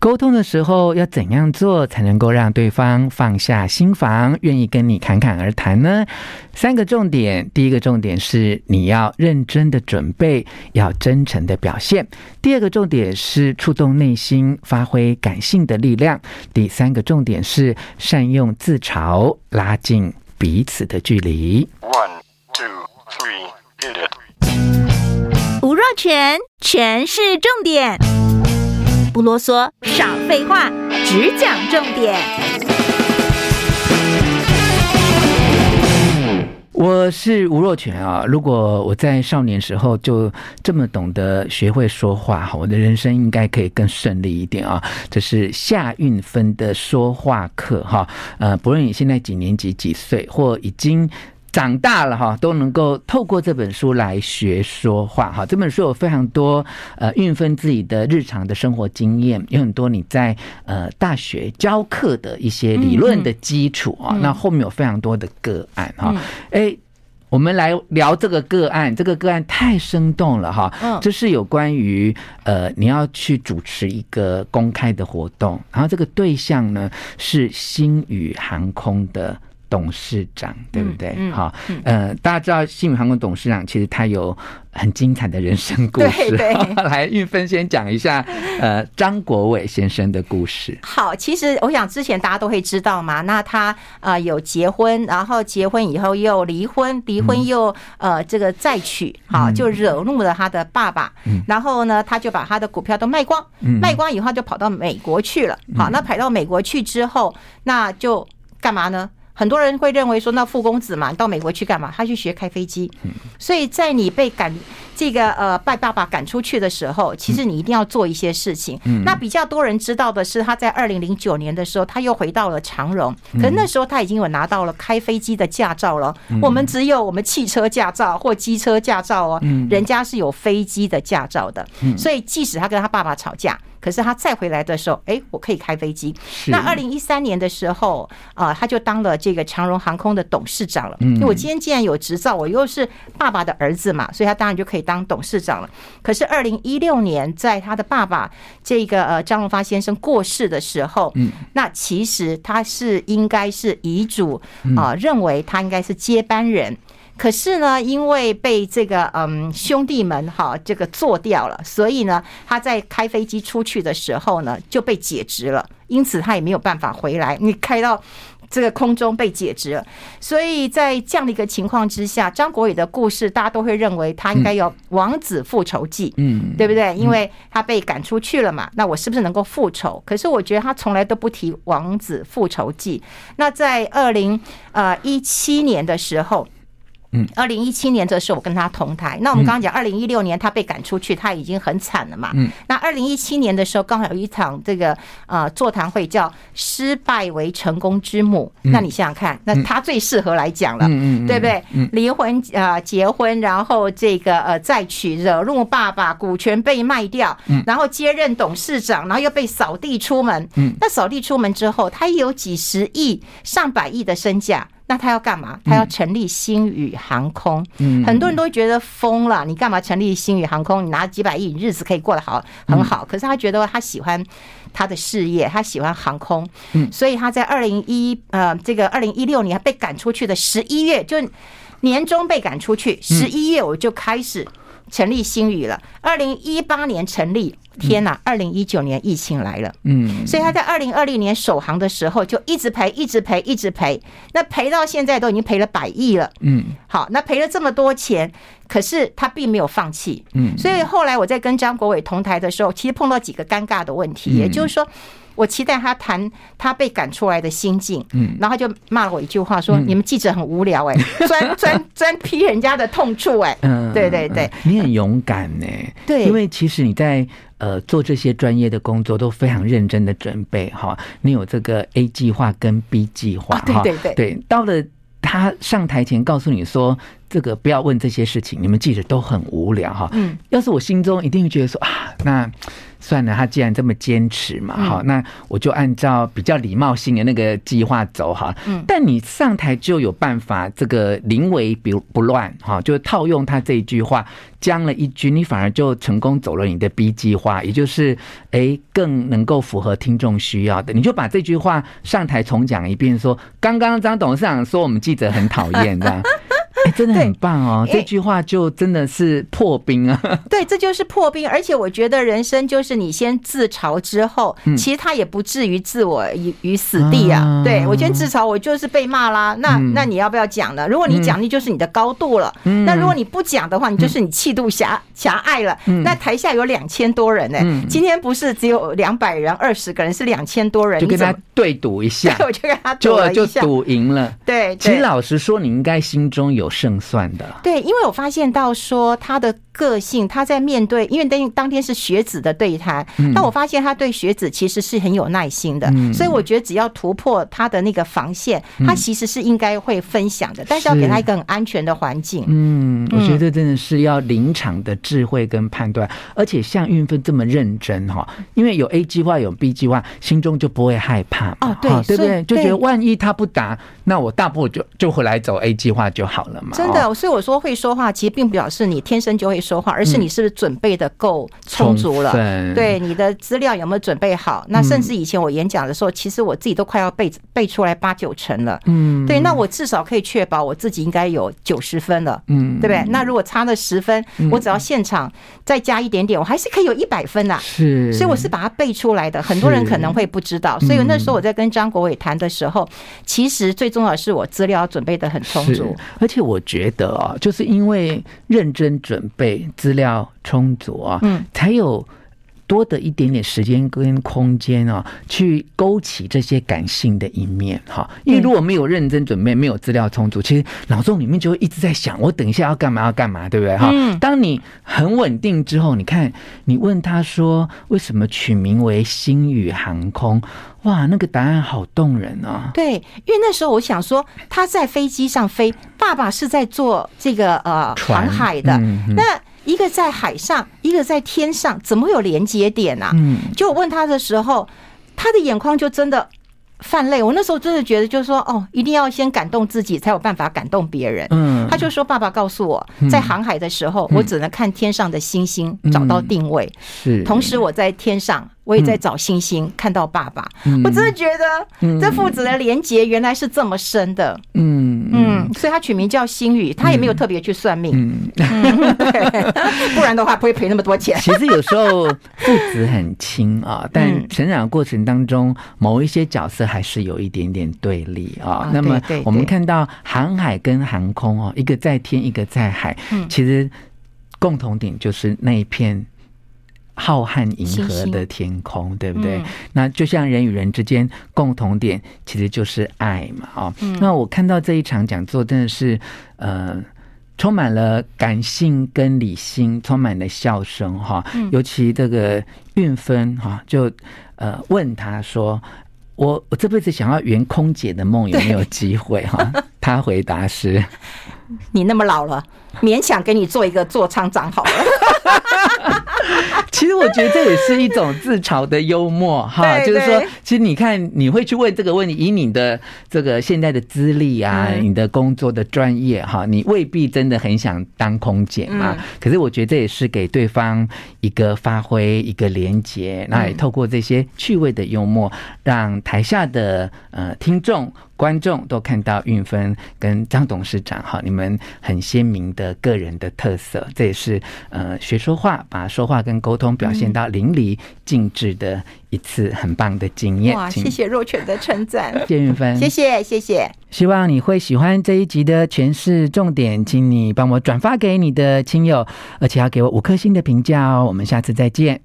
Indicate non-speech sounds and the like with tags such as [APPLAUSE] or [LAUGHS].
溝通的時候要怎樣做才能夠讓對方放下心房，願意跟你侃侃而談呢？三個重點：第一個重點是你要認真的準備，要真誠的表現；第二個重點是觸動內心，發揮感性的力量；第三個重點是善用自嘲，拉近彼此的距離。One, two, three, get it，吳若權，全是重點。不囉嗦，少廢話，只講重點。我是吳若權啊，如果我在少年時候就這麼懂得學會說話，我的人生應該可以更順利一點啊。這是夏韻芬的說話課哈，呃，不論你現在幾年級、幾歲，或已經。長大了哈，都能夠透過這本書來學說話哈。這本書有非常多呃，韻芬自己的日常的生活經驗，有很多你在呃大學教課的一些理論的基礎啊、嗯。那後面有非常多的個案哈、嗯。欸，我們來聊這個個案，這個個案太生動了哈。嗯，這是有關於呃，你要去主持一個公開的活動，然後這個對象呢是星宇航空的董事長對不對？嗯嗯、好，嗯、呃，大家知道星宇航空董事長其實他有很精彩的人生故事。對，對，來韻芬先講一下，呃，張國煒先生的故事。好，其實我想之前大家都會知道嘛。那他啊、呃、有結婚，然後結婚以後又離婚，離婚又呃這個再娶，好就惹怒了他的爸爸、嗯。然後呢，他就把他的股票都賣光，賣光以後就跑到美國去了。嗯、好，那跑到美國去之後，那就幹嘛呢？很多人會認為說，那富公子嘛，你到美國去幹嘛？他去學開飛機。所以在你被趕。這個呃，被爸爸趕出去的時候，其實你一定要做一些事情、嗯。那比較多人知道的是，他在二零零九年的時候，他又回到了長榮、嗯。可能可是那時候他已經有拿到了開飛機的駕照了、嗯。我們只有我們汽車駕照或機車駕照哦，人家是有飛機的駕照的、嗯。所以即使他跟他爸爸吵架，可是他再回來的時候，哎，我可以開飛機。那二零一三年的時候，啊，他就當了這個長榮航空的董事長了。因為我今天既然有執照，我又是爸爸的兒子嘛，所以他當然就可以。當董事長了，可是二零一六年，在他的爸爸這個呃張榮發先生過世的時候，嗯，那其實他是應該是遺囑啊、呃，認為他應該是接班人。可是呢，因為被這個嗯兄弟們哈這個做掉了，所以呢，他在開飛機出去的時候呢，就被解職了，因此他也沒有辦法回來。你開到。這個空中被解職了，所以在這樣的一個情況之下，張國煒的故事，大家都會認為他應該有王子復仇記，嗯，對不對？因為他被趕出去了嘛，那我是不是能夠復仇？可是我覺得他從來都不提王子復仇記。那在二零呃一七年的時候。嗯，二零一七年的時候我跟他同台。嗯、那我們剛剛講，二零一六年他被趕出去，他已經很慘了嘛。嗯、那二零一七年的時候，剛好有一場這個呃座談會叫“失敗為成功之母”。嗯、那你想想看，那他最適合來講了、嗯，對不對？離、嗯嗯、婚啊、呃，結婚，然後這個呃再娶，惹怒爸爸，股權被賣掉、嗯，然後接任董事長，然後又被掃地出門，嗯、那掃地出門之後，他也有幾十億、上百億的身價。那他要幹嘛？他要成立星宇航空，很多人都覺得瘋了。你幹嘛成立星宇航空？你拿幾百億，日子可以過得好很好。可是他覺得他喜歡他的事業，他喜歡航空，所以他在二零一呃，這個二零一六年被趕出去的十一月，就年終被趕出去。十一月我就開始。成立星宇了，二零一八年成立，天吶，二零一九年疫情來了，嗯，所以他在二零二零年首航的時候就一直賠，一直賠，一直賠，那賠到現在都已經賠了百億了，嗯，好，那賠了這麼多錢，可是他並沒有放棄，嗯，所以後來我在跟張國煒同台的時候，其實碰到幾個尷尬的問題，也就是說。我期待他談他被趕出來的心境、嗯，嗯、然後就罵我一句話，說、嗯：“你們記者很無聊，哎，專專專批人家的痛處，哎，嗯，嗯，嗯、對對對，你很勇敢呢、欸，對，因為其實你在、呃、做這些專業的工作都非常認真的準備哈，你有這個 A 計劃跟 B 計劃，對對對，對，到了他上台前告訴你說這個不要問這些事情，你們記者都很無聊哈，嗯，要是我心中一定會覺得說啊，那。”算了，他既然這麼堅持嘛，嗯，好，那我就按照比較禮貌性的那個計劃走哈。嗯，但你上台就有辦法，這個臨危不不亂哈，就套用他這一句話，將了一軍，你反而就成功走了你的 B 計劃，也就是哎，更能夠符合聽眾需要的，你就把這句話上台重講一遍，說剛剛張董事長說我們記者很討厭，對 [LAUGHS] 這樣。欸、真的很棒哦、欸！這句話就真的是破冰啊！對，這就是破冰。而且我覺得人生就是你先自嘲之後，嗯、其實他也不至於置我於死地啊、嗯。對，我先自嘲，我就是被罵啦。嗯、那那你要不要講呢？如果你講，勵、嗯、就是你的高度了、嗯。那如果你不講的話，你就是你氣度狹、嗯、狹隘了、嗯。那台下有兩千多人呢、欸嗯，今天不是只有兩百人、二十個人，是兩千多人。就跟他對賭一下，對，我就跟他賭了一下就就賭贏了對。對，其實老實說，你應該心中有。勝算的對，因為我發現到說他的個性，他在面對，因為等於當天是學子的對談，但我發現他對學子其實是很有耐心的、嗯，所以我覺得只要突破他的那個防線，他其實是應該會分享的，但是要給他一個很安全的環境。嗯，嗯，我覺得真的是要臨場的智慧跟判斷，而且像韻芬這麼認真哈，因為有 A 計劃有 B 計劃，心中就不會害怕哦，對、喔，對不對？就覺得萬一他不答，那我大步就就回來走 A 計劃就好了嘛。真的，所以我說會說話，其實並不表示你天生就會說話。說話，而是你是不是準備的夠充足了、嗯？對，你的資料有沒有準備好？那甚至以前我演講的時候、嗯，其實我自己都快要背背出來八九成了。嗯，對，那我至少可以確保我自己應該有九十分了。嗯，對不對？那如果差了十分、嗯，我只要現場再加一點點，我還是可以有一百分啊。是，所以我是把它背出來的。很多人可能會不知道，所以那時候我在跟張國煒談的時候、嗯，其實最重要的是我資料準備的很充足。而且我覺得啊、哦，就是因為認真準備。資料充足啊，嗯，才有多的一點點時間跟空間哦、啊，去勾起這些感性的一面哈。因為如果沒有認真準備，沒有資料充足，其實腦中裡面就會一直在想，我等一下要幹嘛要幹嘛，對不對哈、嗯？當你很穩定之後，你看，你問他說為什麼取名為“星宇航空”？哇，那個答案好動人啊！對，因為那時候我想說，他在飛機上飛，爸爸是在做這個呃船航海的，嗯、那。一個在海上，一個在天上，怎麼會有連接點呢？嗯，就我問他的時候，他的眼眶就真的泛淚。我那時候真的覺得，就是說，哦，一定要先感動自己，才有辦法感動別人。嗯，他就說：“爸爸告訴我，在航海的時候，嗯、我只能看天上的星星、嗯、找到定位。是，同時我在天上，我也在找星星，嗯、看到爸爸。我真的覺得、嗯，這父子的連接原來是這麼深的。”嗯。嗯、所以，他取名叫星宇，他也沒有特別去算命。嗯，嗯， [LAUGHS] 不然的話不會賠那麼多錢。其實有時候父子很親啊，但成長過程當中，某一些角色還是有一點點對立、嗯哦、啊。那麼我們看到航海跟航空哦、啊，一個在天，一個在海，其實共同點就是那一片。浩瀚銀河的天空，星星對不對、嗯？那就像人與人之間共同點，其實就是愛嘛哦，哦、嗯，那我看到這一場講座，真的是，呃，充滿了感性跟理性，充滿了笑聲、哦，哈、嗯。尤其這個韻芬哈，就呃問他說：“我我這輩子想要圓空姐的夢有沒有機會、哦？”哈，他 [LAUGHS] 回答是：“你那麼老了，勉強給你做一個座艙長好了。 [LAUGHS] ”其實我覺得這也是一種自嘲的幽默哈， [LAUGHS] 就是說，其實你看，你會去問這個問題，以你的這個現在的資歷啊， [LAUGHS] 你的工作的專業哈，你未必真的很想當空姐嘛。可是我覺得這也是給對方一個發揮，一個連結，那也透過這些趣味的幽默，讓台下的呃聽眾。觀眾都看到韻芬跟張董事長哈，你們很鮮明的個人的特色，這也是呃學說話，把說話跟溝通表現到淋漓盡致的一次很棒的經驗。嗯、哇，謝謝若權的稱讚。謝謝韻芬，謝謝謝謝。希望你會喜歡這一集的詮釋重點，請你幫我轉發給你的親友，而且要給我五顆星的評價哦。我們下次再見。